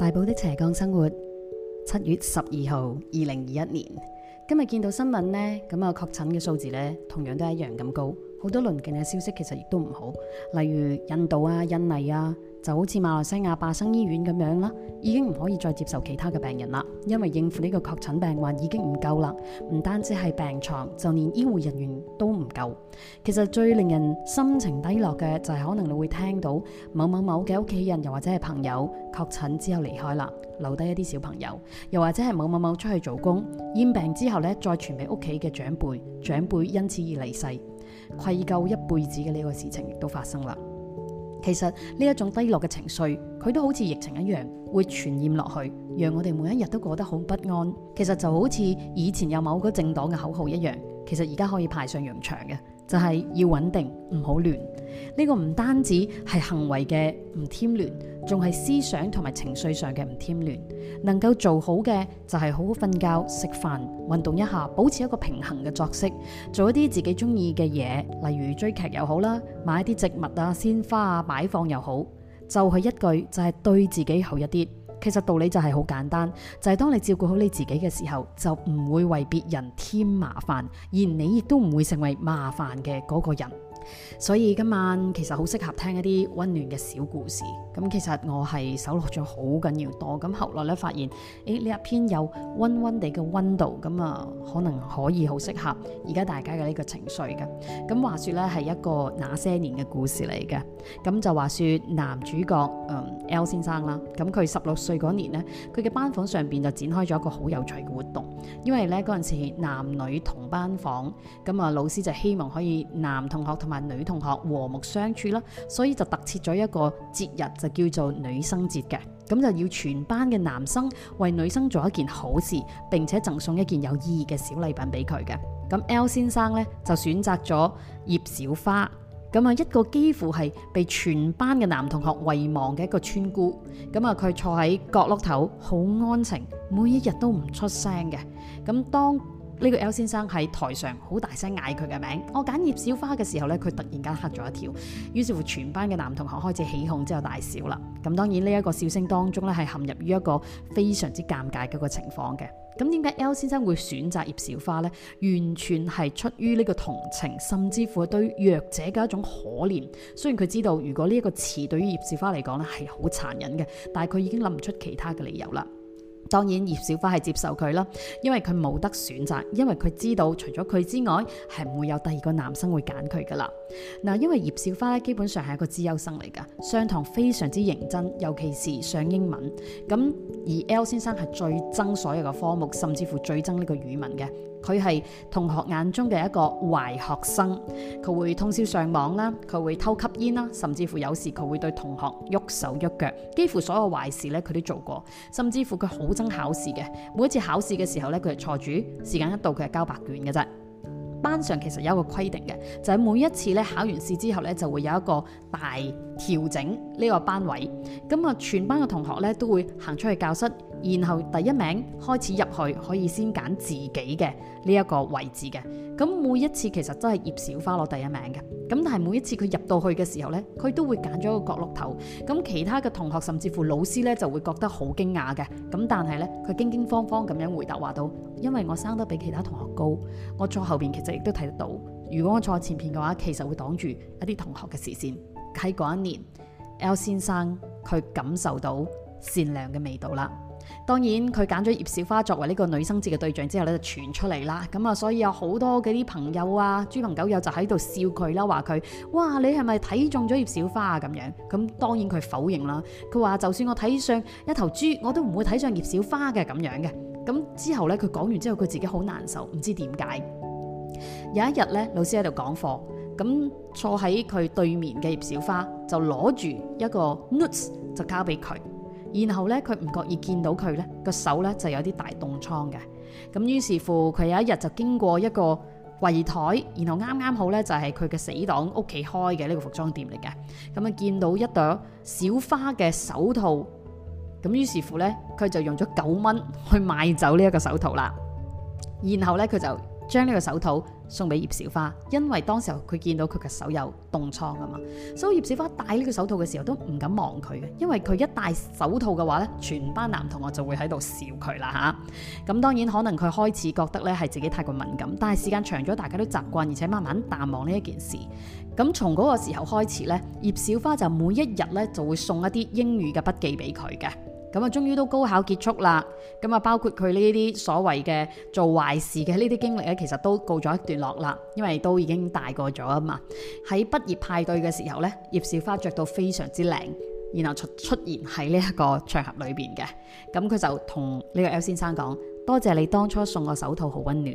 大埔的斜槓生活，七月十二號，二零二一年。今日見到新聞呢，咁我確診嘅數字呢，同樣都一樣咁高。好多鄰近嘅消息其實亦都唔好，例如印度啊、印尼啊，就好似馬來西亞巴生醫院咁樣啦，已經唔可以再接受其他嘅病人啦，因為應付呢個確診病患已經唔夠啦。唔單止係病床，就連醫護人員都唔夠。其實最令人心情低落嘅就係可能你會聽到某某某嘅屋企人又或者係朋友確診之後離開啦，留低一啲小朋友，又或者係某某某出去做工染病之後呢，再傳俾屋企嘅長輩，長輩因此而離世。愧疚一輩子嘅呢個事情都發生喇。其實呢一種低落嘅情緒，佢都好似疫情一樣，會傳染落去，讓我哋每一日都過得好不安。其實就好似以前有某個政黨嘅口號一樣，其實而家可以派上用場嘅。就係要穩定，唔好亂。呢、這個唔單止係行為嘅唔添亂，仲係思想同埋情緒上嘅唔添亂。能夠做好嘅就係好好瞓覺、食飯、運動一下，保持一個平衡嘅作息，做一啲自己中意嘅嘢，例如追劇又好啦，買啲植物啊、鮮花啊擺放又好。就係一句，就係對自己好一啲。其實道理就係好簡單，就係當你照顧好你自己嘅時候，就唔會為別人添麻煩，而你亦都唔會成為麻煩嘅嗰個人。所以今晚其實好適合聽一啲溫暖嘅小故事。咁其實我係搜落咗好緊要多。咁後來咧發現，誒、欸、呢一篇有溫溫地嘅溫度，咁啊可能可以好適合而家大家嘅呢個情緒嘅。咁話說咧係一個那些年嘅故事嚟嘅。咁就話說男主角、嗯、，L 先生啦。咁佢十六歲嗰年呢，佢嘅班房上面就展開咗一個好有趣嘅活動。因為咧嗰陣時男女同班房，咁啊老師就希望可以男同學同。埋女同學和睦相處啦，所以就特設咗一個節日，就叫做女生節嘅。咁就要全班嘅男生為女生做一件好事，並且贈送一件有意義嘅小禮品俾佢嘅。咁 L 先生咧就選擇咗葉小花，咁啊一個幾乎係被全班嘅男同學遺忘嘅一個村姑，咁啊佢坐喺角落頭好安靜，每一日都唔出聲嘅。咁當呢個 L 先生喺台上好大聲嗌佢嘅名字，我揀葉小花嘅時候咧，佢突然間嚇咗一跳，於是乎全班嘅男同學開始起哄之後大笑啦。咁當然呢一個笑聲當中是係陷入於一個非常之尷尬嘅一個情況嘅。咁點解 L 先生會選擇葉小花呢？完全係出於呢個同情，甚至乎對弱者嘅一種可憐。雖然佢知道如果呢個個詞對於葉小花嚟講是係好殘忍嘅，但係佢已經諗唔出其他嘅理由啦。當然葉小花係接受佢啦，因為佢冇得選擇，因為佢知道除咗佢之外係唔會有第二個男生會揀佢㗎喇。因為葉小花基本上係一個資優生嚟㗎，上堂非常之認真，尤其是上英文。而 L 先生係最憎所有嘅科目，甚至乎最憎呢個語文嘅。佢係同學眼中嘅一個壞學生，佢會通宵上網啦，佢會偷吸煙啦，甚至乎有時佢會對同學喐手喐腳，幾乎所有壞事咧佢都做過，甚至乎佢好憎考試嘅，每一次考試嘅時候咧佢係坐住，時間一到佢係交白卷嘅。班上其實有一個規定嘅，就係每一次咧考完試之後咧就會有一個大調整呢個班位，咁啊全班嘅同學咧都會行出去教室，然後第一名開始入去可以先揀自己嘅呢一個位置嘅，咁每一次其實都係葉小花攞第一名嘅。咁但係每一次佢入到去嘅時候呢，佢都會揀咗一個角落頭。咁其他嘅同學甚至乎老師咧，就會覺得好驚訝嘅。咁但係咧，佢驚驚慌慌咁樣回答話到，因為我生得比其他同學高，我坐後面其實亦都睇得到。如果我坐前面嘅話，其實會擋住一啲同學嘅視線。喺嗰一年，L 先生佢感受到善良嘅味道啦。當然佢揀咗葉小花作為呢個女生節嘅對象之後咧，就傳出嚟啦，咁啊所以有好多嘅啲朋友啊豬朋狗友就喺度笑佢啦，話佢哇，你係咪睇中咗葉小花啊咁樣？咁當然佢否認啦，佢話，就算我睇上一頭豬，我都唔會睇上葉小花嘅咁樣嘅。咁之後咧，佢講完之後佢自己好難受，唔知點解。有一日咧，老師喺度講課，咁坐喺佢對面嘅葉小花就攞住一個 notes 就交俾佢。然後咧，佢唔覺意見到佢咧，個手咧就有啲大凍瘡嘅。咁於是乎，佢有一日就經過一個櫃台，然後啱啱好咧就係佢嘅死黨屋企開嘅呢個服裝店嚟嘅。咁啊，見到一朵小花嘅手套，咁於是乎咧，佢就用咗九蚊去買走呢一個手套啦。然後咧，佢就。將呢個手套送俾葉小花，因為當時候佢見到佢嘅手有凍瘡啊嘛，所以葉小花戴呢個手套嘅時候都唔敢望佢嘅，因為佢一戴手套嘅話咧，全班男同學就會喺度笑佢啦吓。咁當然可能佢開始覺得咧係自己太過敏感，但係時間長咗，大家都習慣，而且慢慢淡忘呢一件事。咁從嗰個時候開始咧，葉小花就每一日咧就會送一啲英語嘅筆記俾佢嘅。咁啊，終於都高考結束啦！咁啊，包括佢呢啲所謂嘅做壞事嘅呢啲經歷咧，其實都告咗一段落啦，因為都已經大個咗啊嘛。喺畢業派對嘅時候，呢葉小花著到非常之靚，然後出出現喺呢一個場合裏面嘅。咁佢就同呢個 L 先生講：多謝你當初送我手套，好溫暖。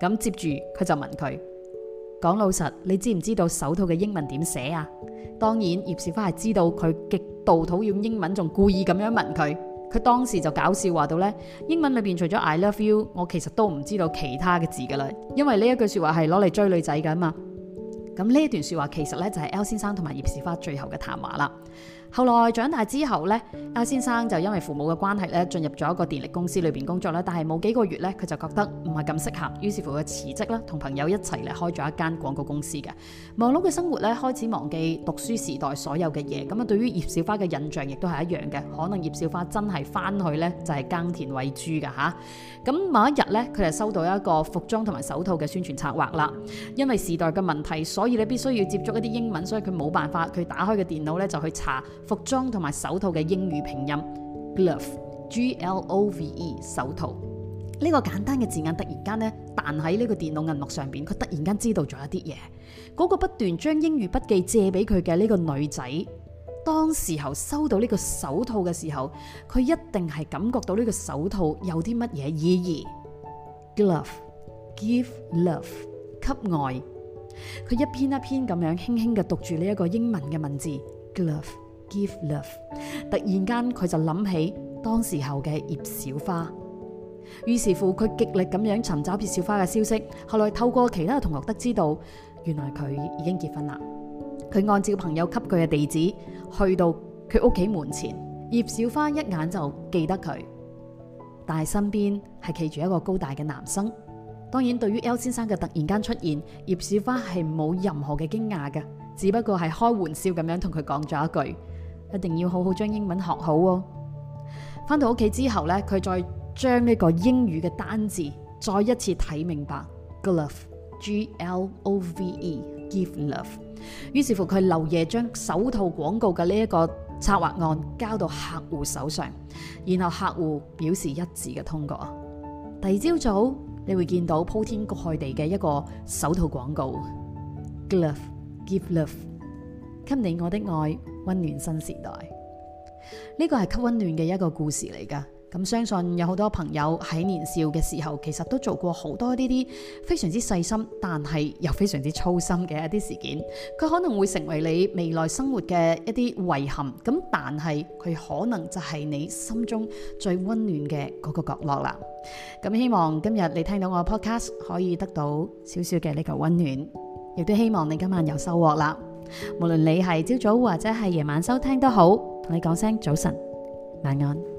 咁接住佢就問佢：講老實，你知唔知道手套嘅英文點寫呀？」當然，葉小花係知道佢極度討厭英文，仲故意咁樣問佢。佢當時就搞笑話到，呢英文裏邊除咗 I love you，我其實都唔知道其他嘅字噶啦，因為呢一句說話係攞嚟追女仔噶嘛。咁呢一段說話其實呢，就係 L 先生同埋葉士花最後嘅談話啦。後來長大之後呢，阿先生就因為父母嘅關係咧，進入咗一個電力公司裏邊工作咧。但係冇幾個月咧，佢就覺得唔係咁適合，於是乎佢辭職啦，同朋友一齊嚟開咗一間廣告公司嘅。忙碌嘅生活咧，開始忘記讀書時代所有嘅嘢。咁啊，對於葉小花嘅印象亦都係一樣嘅。可能葉小花真係翻去咧就係耕田餵豬㗎吓。咁某一日咧，佢就收到一個服裝同埋手套嘅宣傳策劃啦。因為時代嘅問題，所以你必須要接觸一啲英文，所以佢冇辦法，佢打開嘅電腦咧就去查。服裝同埋手套嘅英語拼音 glove，g l o v e 手套。呢個簡單嘅字眼突然間咧彈喺呢個電腦銀幕上邊，佢突然間知道咗一啲嘢。嗰個不斷將英語筆記借俾佢嘅呢個女仔，當時候收到呢個手套嘅時候，佢一定係感覺到呢個手套有啲乜嘢意義。glove，give love，給愛。佢一篇一篇咁樣輕輕嘅讀住呢一個英文嘅文字 glove。Give love，突然間佢就諗起當時候嘅葉小花，於是乎佢極力咁樣尋找葉小花嘅消息。後來透過其他同學，得知到原來佢已經結婚啦。佢按照朋友給佢嘅地址，去到佢屋企門前。葉小花一眼就記得佢，但係身邊係企住一個高大嘅男生。當然，對於 L 先生嘅突然間出現，葉小花係冇任何嘅驚訝嘅，只不過係開玩笑咁樣同佢講咗一句。一定要好好將英文學好喎、哦。返到屋企之後咧，佢再將呢個英語嘅單字再一次睇明白。Glove, G-L-O-V-E, give love。於是乎佢漏夜將手套廣告嘅呢一個策劃案交到客戶手上，然後客戶表示一致嘅通過。第二朝早，你會見到鋪天蓋地嘅一個手套廣告。Glove, give love。給你我的愛，溫暖新時代。呢個係給溫暖嘅一個故事嚟㗎。咁相信有好多朋友喺年少嘅時候，其實都做過好多呢啲非常之細心，但係又非常之粗心嘅一啲事件。佢可能會成為你未來生活嘅一啲遺憾。咁但係佢可能就係你心中最溫暖嘅嗰個角落啦。咁希望今日你聽到我嘅 podcast，可以得到少少嘅呢個溫暖，亦都希望你今晚有收穫啦。無論你係朝早或者係夜晚收聽都好，同你講聲早晨、晚安。